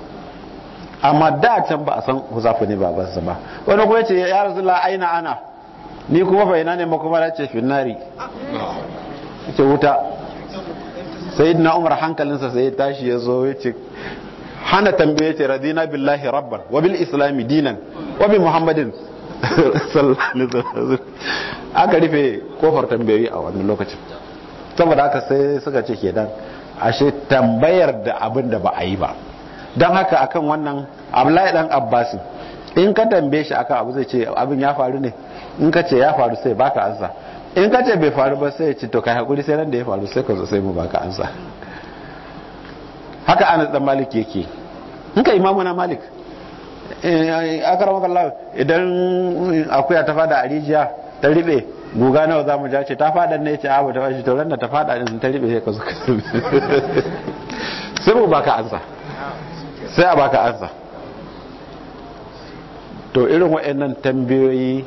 B: amma da can ba a san huzafa ne ba ba ba wani kuma yace ya rasulullah aina ana ni kuma fa ina ne kuma ce finnari ce wuta sai na umar hankalinsa sai tashi ya zo ya ce hana tambaye ce radina billahi rabban wa bil islami dinan wa bi muhammadin <laughs> aka rufe kofar tambayoyi a wannan lokacin saboda haka sai suka ce ke dan. ashe tambayar da abin da ba a yi ba don haka akan wannan abdullahi dan abbasin in ka tambaye shi akan abu zai ce abin ya faru ne in ka ce ya faru sai baka ansa in ka ce bai faru ba sai ci to kai hakuri sai ran da ya faru sai ka zo sai mu baka ansa haka anas dan malik yake in ka imamu na malik eh, akaramaka Allah idan akuya ta fada a ta ribe guga nawa za mu ja ce ta fada ne ce abu ta fashi to ran da ta fada din ta ribe sai ka zo ka <laughs> sai mu baka ansa sai a baka ansa to irin waɗannan tambayoyi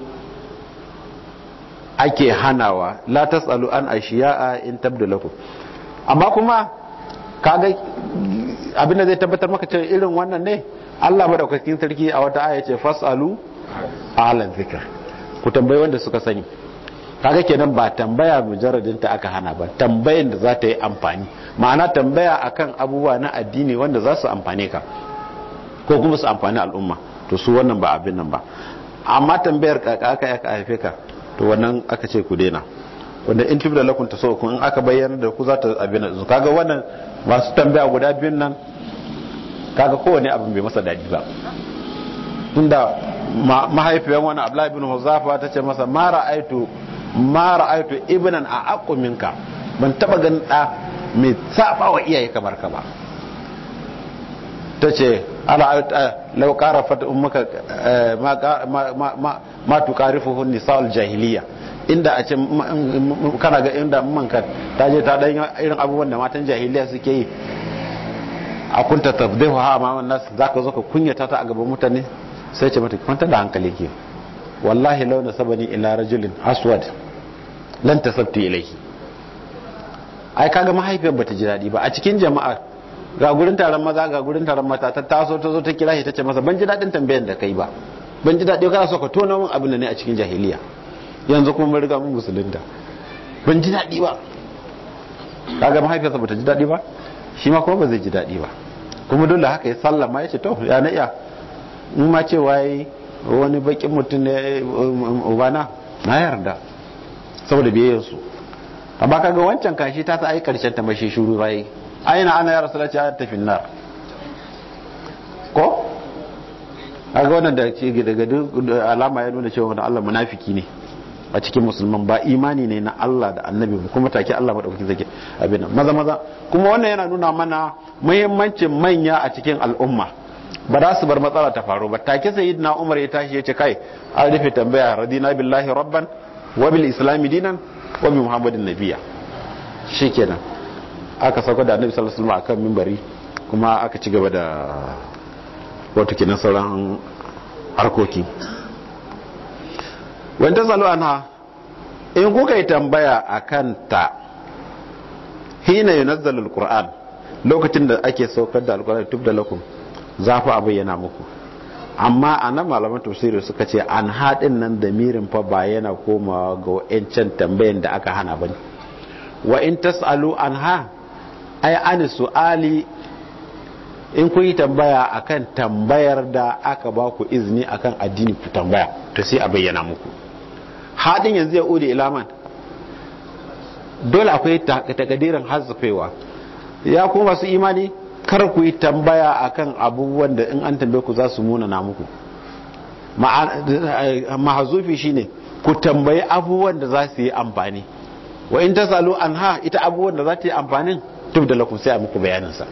B: ake hanawa la tasalu an ashiya'a in tabdu lakum amma kuma kaga abinda zai tabbatar maka cewa irin wannan ne Allah madaukakin sarki a wata aya ce fasalu ahlan zikr ku tambayi wanda suka sani kaga kenan ba tambaya mujarradin ta aka hana ba tambayan da za ta yi amfani ma'ana tambaya akan abubuwa na addini wanda za su amfane ka ko kuma su amfani al'umma to su wannan ba abin nan ba amma tambayar kaka aka haife ka to wannan aka ce ku daina wanda in tubda lakum tasawukun in aka bayyana da ku za ta abin nan kaga wannan masu tambaya guda biyun nan kaga kowane abin bai masa dadi ba tunda mahaifiyar wani abdullahi ibn huzafa ta ce masa ma ra'aitu ma ra'aitu ibnan a aqu ka. ban taba ganin da mai saba wa iyaye kamar ka ba tace ala law qarafat ummuka ma ma ma tuqarifuhu nisa'ul jahiliya inda a ce kana ga inda manka ta je ta dan irin abubuwan da matan jahiliya suke yi a kunta tabdihu ha ma wannan zaka zo ka kunyata ta a gaban mutane sai ce mata kwanta da hankali ke wallahi launa sabani ila rajulin aswad lan tasabtu ilayhi ai kaga mahaifiyar bata ji daɗi ba a cikin jama'a ga gurin taron maza ga gurin taron mata ta taso ta zo ta kira shi ta ce masa ban ji daɗin tambayar da kai ba ban ji daɗi kana so ka tona min abin da ne a cikin jahiliya yanzu kuma mun riga mun musulunta ban ji daɗi ba kaga mahaifiyarsa bata ji daɗi ba shi ma kuma ba zai ji daɗi ba kuma dole haka ya sallama ya ce to ya na iya in ma ce waye wani bakin mutum ne ubana na yarda saboda biyayyarsu amma kaga wancan kashi ta ta ai karshen ta mashi shuru bayi aina ana ya rasulaci a tafi nar. ko a ga wannan da daga alama ya nuna cewa Allah munafiki ne a cikin musulman ba imani ne na Allah da annabi ba kuma take Allah madaukakin zage abin nan maza maza kuma wannan yana nuna mana muhimmancin manya a cikin al'umma ba za su bar matsala ta faru ba take na Umar ya tashi ya ce kai a rufe tambaya radina billahi rabban wa bil islami dinan wa bi muhammadin nabiya. shikenan aka sauka da annabi sallallahu alaihi wasallam akan minbari kuma aka ci gaba da wato kenan sauran harkoki wani ta salo anha in kuka yi tambaya a ta hina yi nazarar lokacin da ake saukar da alƙura'an tub da lakum za fi yana muku amma a nan malaman tafsiri suka ce an haɗin nan da mirin fa ba yana komawa ga wa'ancan tambayan da aka hana ba ne wa in tas'alu anha ai an su'ali in kun yi tambaya akan tambayar da aka ba ku izini akan addini ku tambaya to sai a bayyana muku hadin yanzu ya ode ilaman dole akwai takadirin hazafewa ya kuma masu imani kar ku yi tambaya akan abubuwan da in an tambaye ku za su munana muku mahazufi shine ku tambayi abubuwan da za su yi amfani wa in ta tasalu anha ita abubuwan da za ta yi amfanin tub da lakum sai a muku bayaninsa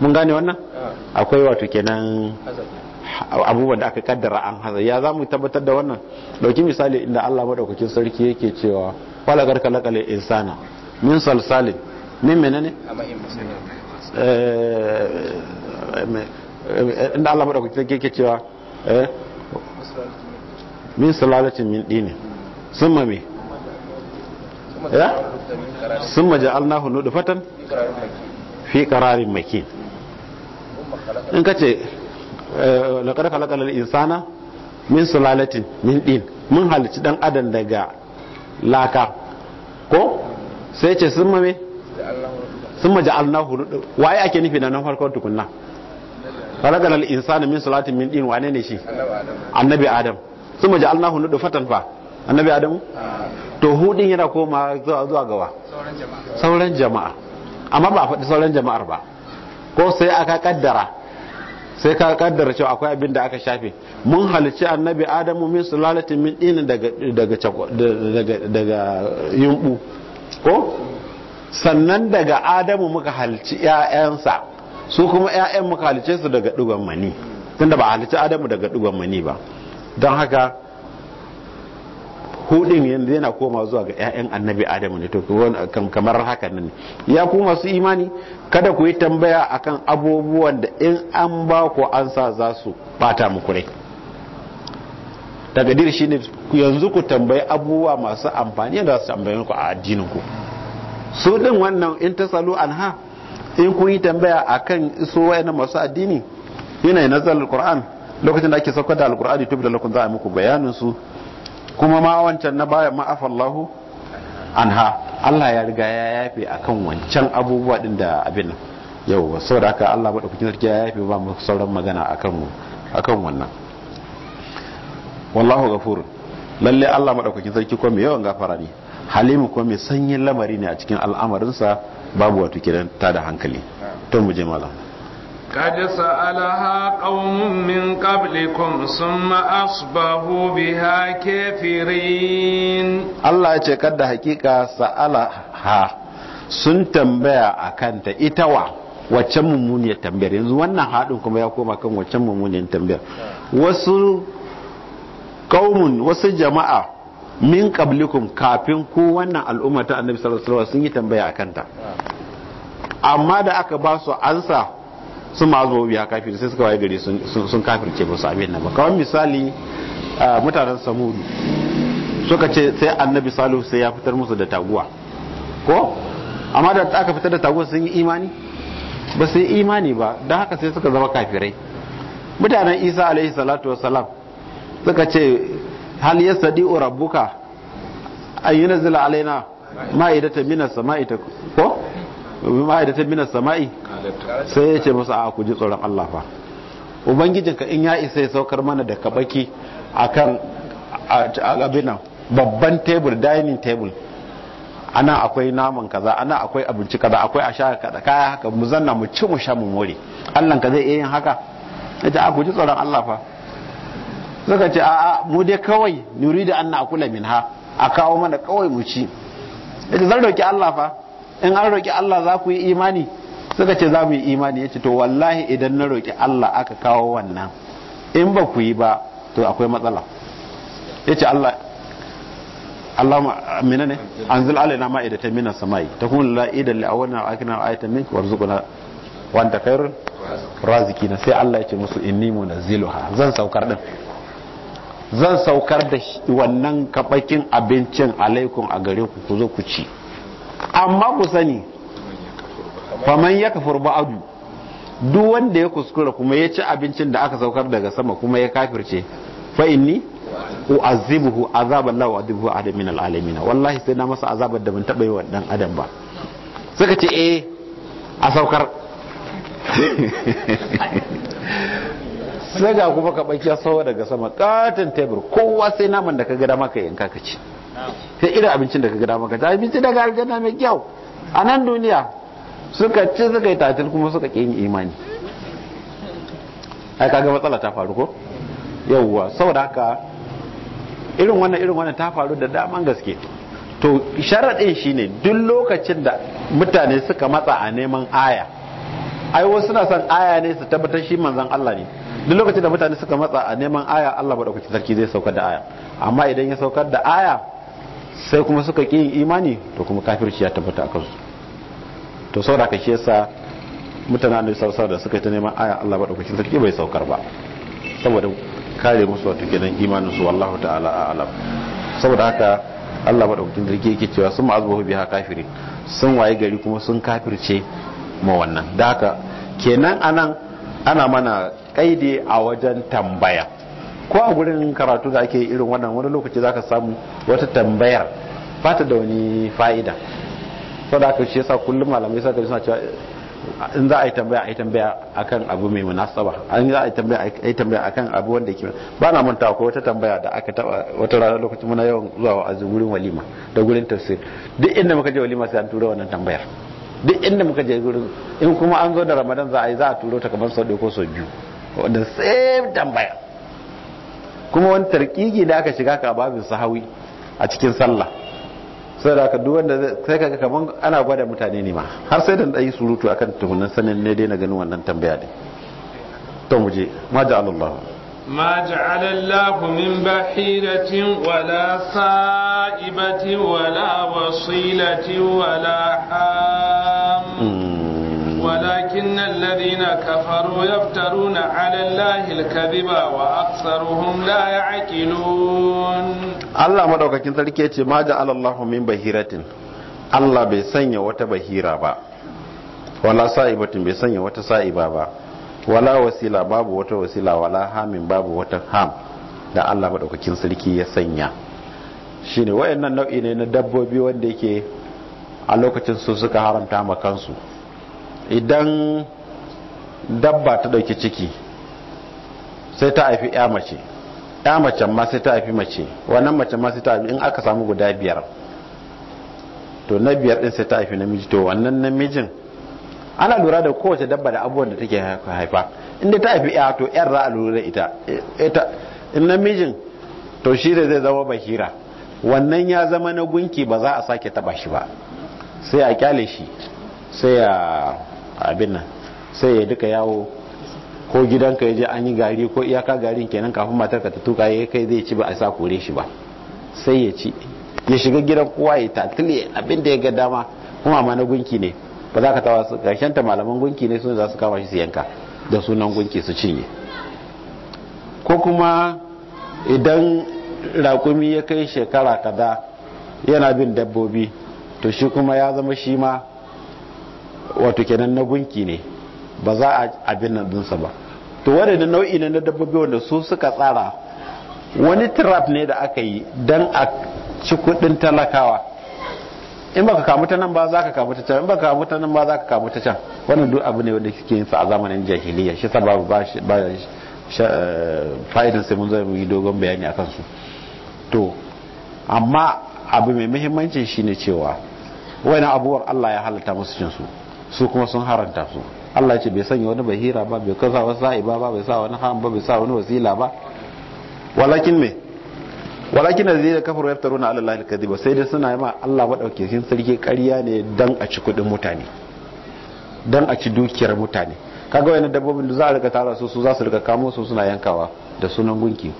B: mun gane wannan akwai wato kenan abubuwan da aka kaddara an haza ya za mu tabbatar da wannan dauki misali inda Allah madaukakin sarki yake cewa wala garka laqale insana min salsalin min menene eh, inda Allah madaukakin sarki yake cewa eh, min salalatin min dini summa mi.
A: ya sun
B: maja'alnahu nudufatan fi qararin makin in kace eh, laqad khalaqal insana min sulalatin min din mun halici dan adam daga laka ko sai ce sun mame sun maja'alnahu waye ake nufi da nan farkon tukunna khalaqal insana min sulalatin min din wane ne shi annabi adam sun maja'alnahu nudufatan fa annabi adamu to hudin yana koma zuwa zuwa gawa sauran jama'a amma ba a faɗi sauran jama'ar ba ko sai aka kaddara sai ka kaddara cewa akwai abin da aka shafe mun halici annabi adamu min sulalatin min dinin daga daga yumbu ko sannan daga adamu muka halici ƴaƴansa su kuma ƴaƴan muka halice su daga dugon mani tunda ba halici adamu daga dugon mani ba don haka hudin yana koma zuwa ga 'ya'yan annabi adamu ne to kamar haka nan ya ku masu imani kada ku yi tambaya akan abubuwan da in an ba ku an sa za su bata muku rai tagadir shine yanzu ku tambayi abubuwa masu amfani da su amfani ku a addinin ku su din wannan in ta salo anha in kun yi tambaya akan su wayannan masu addini yana nazar alquran lokacin da ake saukar da alqur'ani da lokacin za a muku bayanin su kuma ma wancan na baya ma afallahu anha Allah ya riga ya yafe akan wancan abubuwa din da abin nan yau saboda haka Allah madaukakin sarki ya yafe ba mu sauran magana akan akan wannan wallahu ghafur lalle Allah madaukakin sarki ko yawan gafara ne halimu ko mai sanyin lamari ne a cikin al'amarinsa babu wato kiran ta da hankali to mu je malam
A: قد سألها قوم من قبلكم ثم أصبحوا بها
B: كافرين الله يتي قد حقيقة سألها sun tambaya a kanta ita wa waccan mummuniyar tambayar yanzu wannan haɗin kuma ya koma kan waccan mummuniyar tambayar wasu kaumun wasu jama'a min qablikum kafin ku wannan al'umma ta annabi sun yi tambaya a kanta amma da aka ba su ansa sun ma azuwa biya kafir sai suka waye gari sun kafirce ba su abin nan ba kawai misali mutanen samudu suka ce sai annabi salu sai ya fitar musu da taguwa ko amma da aka fitar da taguwa sun yi imani ba su yi imani ba don haka sai suka zama kafirai mutanen isa alaihi salatu wassalam suka ce hal yastadi'u rabbuka an zila alaina ma'idatan minas sama'i ko domin ma'aidatan minas sama'i sai ya ce musu a ku ji tsoron Allah fa ubangijinka in ya isa ya saukar mana da kabaki akan abin nan babban tebur dining table ana akwai naman kaza ana akwai abinci kaza akwai a sha kaya haka mu zanna mu ci mu sha mu more Allah ka zai iya yin haka Ita a ku ji tsoron Allah fa suka ce a'a mu dai kawai nuri da anna akula minha a kawo mana kawai mu ci Ita zan roki Allah fa in an roƙi Allah za ku yi imani suka ce za mu yi imani ya ce to wallahi idan na roƙi Allah aka kawo wannan in ba ku yi ba to akwai matsala ya ce Allah Allah Amina ne an zil alaina ma'ida ta mina samai ta kuma la'idan li'awalina wa akina wa ayatan minka warzuquna wa anta khairur razikina sai Allah ya ce musu inni munazziluha zan saukar din zan saukar da wannan kabakin abincin alaikum a gare ku ku zo ku ci amma ku sani faman ya kafur ba'adu duk wanda ya kuskura kuma ya ci abincin da aka saukar daga sama kuma ya kafirce fa inni u'azzibuhu azaban la u'azzibuhu adam min al-alamin wallahi sai na masa azabar da ban taba yi wa dan adam ba suka ce eh a saukar sai ga kuma ka baki sawa daga sama katin tebur kowa sai naman da ka ga dama ka yanka ka ci sai irin abincin da ka gada maka Abincin daga aljanna mai kyau a nan duniya suka ci suka yi tatil kuma suka ƙi yin imani ai kaga matsala ta faru ko yawwa saboda haka irin wannan irin wannan ta faru da daman gaske to sharaɗin shine duk lokacin da mutane suka matsa a neman aya ai wasu suna son aya ne su tabbatar shi manzon Allah ne duk lokacin da mutane suka matsa a neman aya Allah madaukakin sarki zai saukar da aya amma idan ya saukar da aya sai kuma suka ƙi imani to kuma kafirci ya tabbata a kansu to saboda ka shi yasa mutane annabi sallallahu da suka yi ta neman aya Allah madaukakin sarki bai saukar ba saboda kare musu wato kenan imanin su wallahu ta'ala a'lam saboda haka Allah madaukakin sarki yake cewa sun ma'azbahu biha kafirin sun waye gari kuma sun kafirce ma wannan da haka kenan anan ana mana kaide a wajen tambaya ko a gurin karatu da ake irin wannan wani lokaci zaka samu wata tambayar ta da wani fa'ida saboda haka shi yasa kullum malamai sa suna cewa in za a yi tambaya a yi tambaya akan abu mai munasaba an za a yi tambaya a yi tambaya akan abu wanda yake ba na manta akwai wata tambaya da aka taba wata rana lokacin muna yawan zuwa wa azu gurin walima da gurin tafsir duk inda muka je walima sai an tura wannan tambayar duk inda muka je gurin in kuma an zo da ramadan za a yi za a turo ta kamar sau ɗaya ko sau biyu wanda sai tambaya kuma wani tarkigi da aka shiga ka babin sahawi a cikin sallah sai da aka duwan wanda sai kaga kaman ana gwada mutane ne ma har sai da dai surutu akan tuhunan sanin ne dai na ganin wannan tambaya din to muje ma ja'alallahu
A: ما min الله من بحيرة wala sa'ibati ولا وصيلة ولا حام ولا ولكن الذين كفروا يفترون على الله الكذب وأكثرهم لا يعقلون
B: الله ما دوكا كنت لكي ما جعل الله من بهيرة الله بيسني وتبهيرة با ولا صائبة بيسني وتسائبة با wala wasila babu wata ولا wala hamin babu wata ham da Allah madaukakin sarki ya sanya shine wayannan nau'i ne na dabbobi wanda yake a lokacin su suka haramta ma kansu idan dabba ta dauki ciki sai ta haifi ya mace ya mace ma sai ta haifi mace wannan mace ma sai ta haifi in aka samu guda biyar to na biyar din sai ta haifi namiji to wannan namijin ana lura da kowace dabba da abubuwan da take haifa inda ta haifi ya to yan za a lura da ita ita in namijin to shi da zai zama bahira wannan ya zama na gunki ba za a sake taba shi ba sai a kyale shi sai a abin nan sai ya duka yawo ko gidanka ya je an yi gari ko iyaka garin kenan kafin matar ka ta tuka ya kai zai ci ba a sa kore shi ba sai ya ci ya shiga gidan kowa ya tatile abin da ya ga dama kuma ma na gunki ne ba za ka tawa su karshen ta malaman gunki ne sun za su kama shi su yanka da sunan gunki su cinye ko kuma idan raƙumi ya kai shekara kaza yana bin dabbobi to shi kuma ya zama shi ma wato kenan na gunki ne ba za a abin nan dinsa ba to da nau'i ne na dabbobi wanda su suka tsara wani trap ne da aka yi dan a ci kudin talakawa in baka kamu ta nan ba za ka kamu ta can in baka kamu ta nan ba za ka kamu ta can wannan duk abu ne wanda suke yin sa a zamanin jahiliya shi sa ba shi ba eh, fa'idan sai mun zai mu yi dogon bayani a kansu to amma abu mai muhimmanci shine cewa wani abubuwan Allah ya halatta musu cinsu su kuma sun haranta su Allah ce bai sanya wani bahira ba bai kaza wasu sa'iba ba bai sa wani ham ba bai sa wani wasila ba walakin me walakin da zai da kafar ya taruna ala Allah ba sai dai suna yi ma Allah madaukakin sarki ƙarya ne dan a ci kuɗin mutane dan a ci dukiyar mutane kaga wayannan dabbobin da za a rika tara su su za su rika kamo su suna yankawa da sunan gunki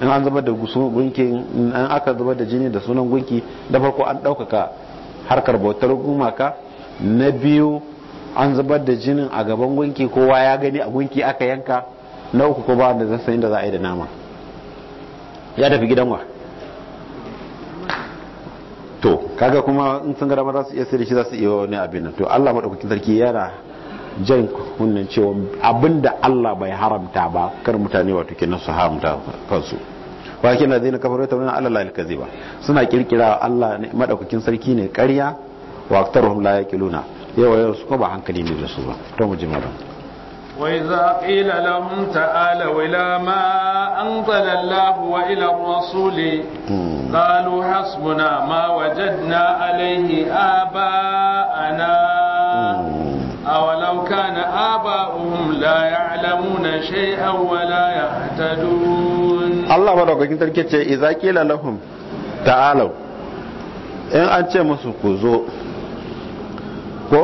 B: in an zama da gunki in aka zama da jini da sunan gunki da farko an ɗaukaka harkar bautar gumaka na biyu an zubar da jinin a gaban gunki kowa ya gani a gunki aka yanka na uku ko ba da zan san inda za a yi da nama ya tafi gidan wa to kaga kuma in sun gara za su iya sirri shi za su iya wani abin to Allah madaukakin sarki yana jan kunnen cewa abinda Allah bai haramta ba kar mutane wato kenan su haramta kansu walakin ladina kafaru yatawalluna ala allahi alkaziba suna kirkira Allah madaukakin sarki ne ƙarya Waktar aktaruhum la yaquluna ya wa yasu ko ba hankali ne da su ba to mu jima ba
A: wa idza qila lahum ta'ala wa ila ma anzala Allah wa hmm. hasbuna ma wajadna alayhi aba ana
B: hmm.
A: aw law kana aba um la ya'lamuna shay'an wa la yahtadun
B: Allah ba dogo kin tarkace idza qila lahum ta'ala in an ce musu ku zo ko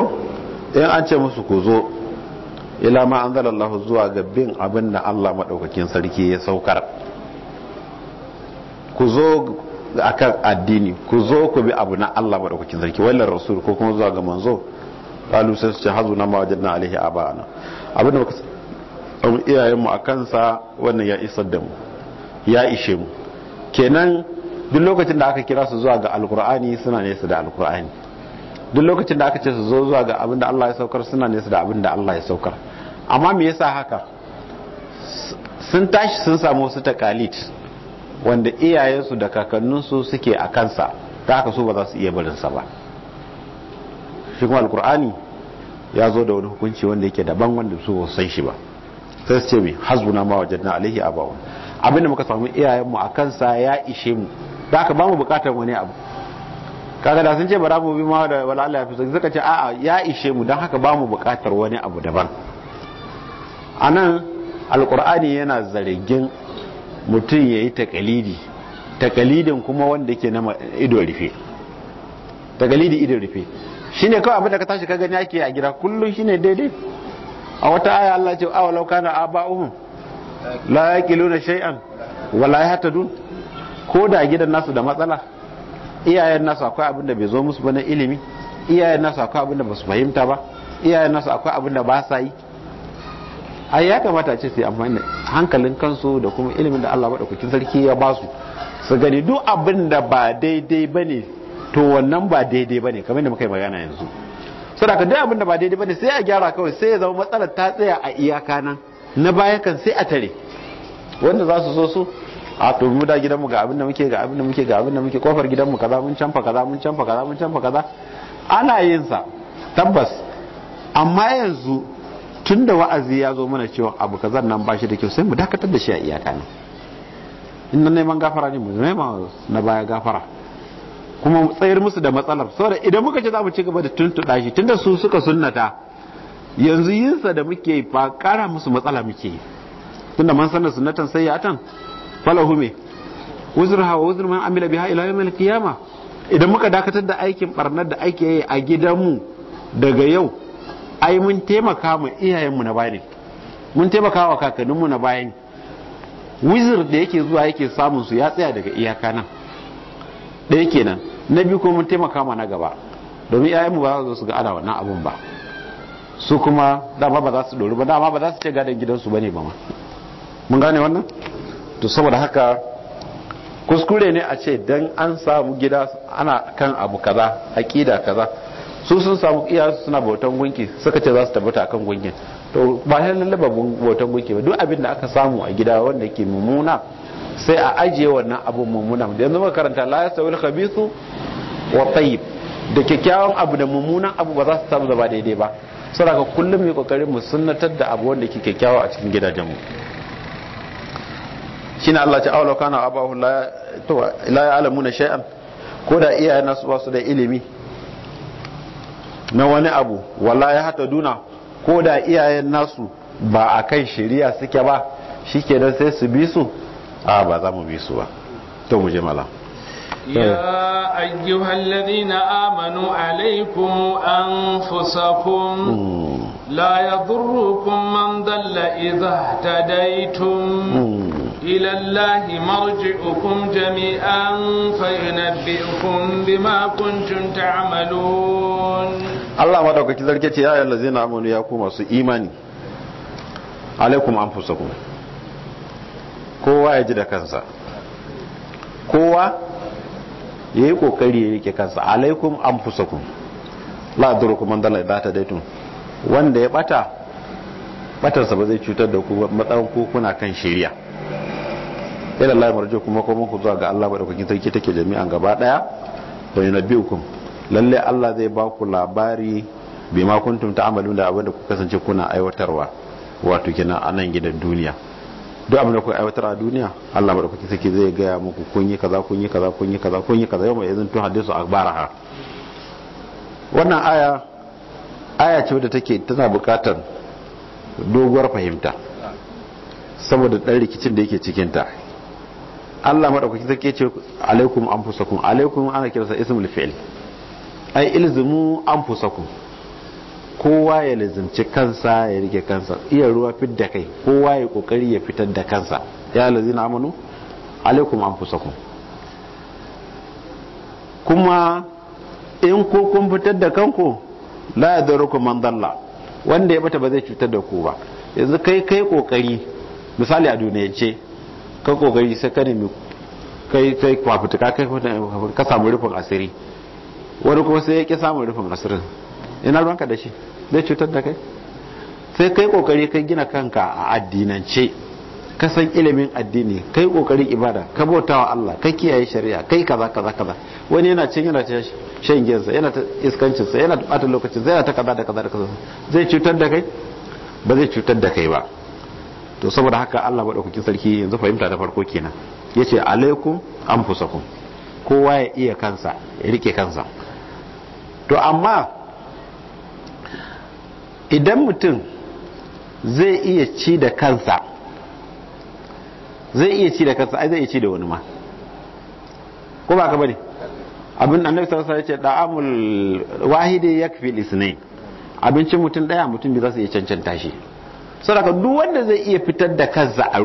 B: in an ce musu ku zo ila ma an zala Allah zuwa ga bin abin da Allah madaukakin sarki ya saukar ku zo akan addini ku zo ku bi abu na Allah madaukakin sarki wailar rasul ko kuma zuwa ga manzo qalu sai su ce hazuna ma wajadna alaihi abana abin da mu iyayen mu akan sa um, wannan ya isar da mu ya ishe mu kenan duk lokacin da aka kira su zuwa ga alkur'ani suna nesa da alkur'ani duk lokacin da aka ce su zo zuwa ga abin da Allah ya saukar suna nesa da abin da Allah ya saukar amma me yasa haka sun tashi sun samu wasu takalit wanda iyayensu da kakanninsu suke a kansa ta haka su ba za su iya barinsa ba shi kuma alkur'ani ya zo da wani hukunci wanda yake daban wanda su san shi ba sai su ce mai hasbuna ma wajadna alaihi abawan abinda muka samu iyayenmu a kansa ya ishe mu da ka ba mu bukatar wani abu kaga da sun ce ba za mu bi ma da wala Allah ya fi suka ce a'a ya ishe mu don haka ba mu bukatar wani abu daban a nan alkur'ani yana zargin mutum ya yi takalidi takalidin kuma wanda ke na ido rufe takalidi ido rufe shine kawai abin da ka tashi ka gani ake a gida kullum shine daidai a wata aya Allah ce awa lauka na aba'uhum la yaqiluna shay'an wala yahtadun ko da gidan nasu da matsala iyayen nasu akwai abinda bai zo musu ba na ilimi iyayen nasu akwai abinda ba su fahimta ba iyayen nasu akwai abinda ba sa yi a ya kamata a ce su amfani hankalin kansu da kuma ilimin da Allah maɗaukakin sarki ya ba su su gani duk abin da ba daidai ba ne to wannan ba daidai ba ne kamar da muka yi magana yanzu saboda duk abin da ba daidai ba ne sai a gyara kawai sai ya zama matsalar ta tsaya a iyaka nan na baya kan sai a tare wanda za su so su a to mu da mu ga abin da muke ga abin da muke ga abin da muke kofar gidan mu kaza mun canfa kaza mun canfa kaza mun canfa kaza ana yin sa tabbas amma yanzu tunda wa'azi ya zo mana cewa abu kaza nan ba shi da kyau sai mu dakatar da shi a iyaka ne in nan neman gafara ne mu nema na baya gafara kuma tsayar musu da matsalar saboda idan muka ce za mu ci gaba da tuntuɗa shi tunda su suka sunnata yanzu yinsa da muke ba ƙara musu matsala muke tunda man sanar sunnatan sai ya atan falahu me wuzruha wa wuzur man amila biha ila yawmil qiyama idan muka dakatar da aikin barnar da ake yi a gidanmu daga yau ai mun taimaka mu iyayenmu na bayan mun taimaka wa kakanninmu na bayan wizir da yake zuwa yake samun su ya tsaya daga iyaka nan ɗaya nan, na biyu kuma mun taimaka ma na gaba domin iyayenmu ba za su ga ana wannan abun ba su kuma dama ba za su dori ba dama ba za su ce gadon gidansu ba ne ba ma mun gane wannan to saboda haka kuskure ne a ce dan an samu gida ana kan abu kaza aqida kaza su sun samu iya suna bautan gunki suka ce za su tabbata kan gunkin to ba ya lallaba bautan gunki ba duk abin da aka samu a gida wanda yake mummuna sai a ajiye wannan abu mummuna da yanzu karanta la yasawil khabithu wa tayyib da kyakkyawan abu da mummunan abu ba za su samu zaba daidai ba saboda kullum mai kokarin mu sunnatar da abu wanda yake kyakkyawa a cikin gidajenmu shine Allah ta a kana abahu la to la ya'lamuna shay'an ko da iyayen nasu ba su da ilimi na wani abu wallahi hata duna ko da iyayen nasu ba a kan shari'a suke ba shikenan sai su bi su a ba za mu bi su ba to mu je malam يا
A: أيها الذين آمنوا عليكم أنفسكم لا يضركم من ضل إذا اهتديتم إلى الله مرجعكم جميعا فينبئكم بما كنتم تعملون
B: الله ما دوكي زركي يا الذين آمنوا يا كوما سو إيماني عليكم أنفسكم kowa ya ji da kansa kowa ya yi kokari ya rike kansa alaikum an fusakun la'aduru kuma dala ba ta daitun wanda ya bata batarsa ba zai cutar da ku matsayin kuna kan shiriya. ila Allah marjo kuma kuma ku zuwa ga Allah madaukakin sarki take jami'an gaba daya wa yunabbiukum lalle Allah zai ba ku labari bi ma kuntum ta'malun da abin da ku kasance kuna aiwatarwa wato kina a nan gidan duniya duk abinda ku aiwatar a duniya Allah madaukakin sarki zai gaya muku kun yi kaza kun yi kaza kun yi kaza kun yi kaza yau mai izin tun hadisu akbaraha wannan aya aya ce wadda take tana bukatar doguwar fahimta saboda ɗan rikicin da yake cikinta Allah madaukaki sarki ce alaikum anfusakum alaikum ana kiransa ismul fi'l ai ilzumu anfusakum kowa ya lazimci kansa ya rike kansa iya ruwa fit da kai kowa ya kokari ya fitar da kansa ya lazina amanu alaikum anfusakum kuma in ko kun fitar da kanku la yadurukum man dalla wanda ya bata ba zai cutar da ku ba yanzu kai kai kokari misali a ce. ka kokari sai ka nemi kai kai kwafutuka kai ka samu rufin asiri wani kuma sai ya ki samun rufin asirin ina ruwanka da shi zai cutar da kai sai kai kokari kai gina kanka a addinance ka san ilimin addini kai kokari ibada ka bauta wa Allah ka kiyaye shari'a kai kaza kaza kaza wani yana cin yana shan giyansa yana ta iskancin sa yana ta bata lokacin zai ta kaza da kaza da kaza zai cutar da kai ba zai cutar da kai ba to saboda haka Allah madaukakin sarki yanzu fahimta da farko kenan yace alaikum anfusakum kowa ya iya kansa ya rike kansa to amma idan mutum zai iya ci da kansa zai iya ci da kansa ai zai iya ci da wani ma ko ba ka bane abin annabi sallallahu alaihi wasallam ya ce da'amul wahidi yakfi lisnain abincin mutum daya mutum bai za su iya cancanta shi saboda duk wanda zai iya fitar da kansa
A: a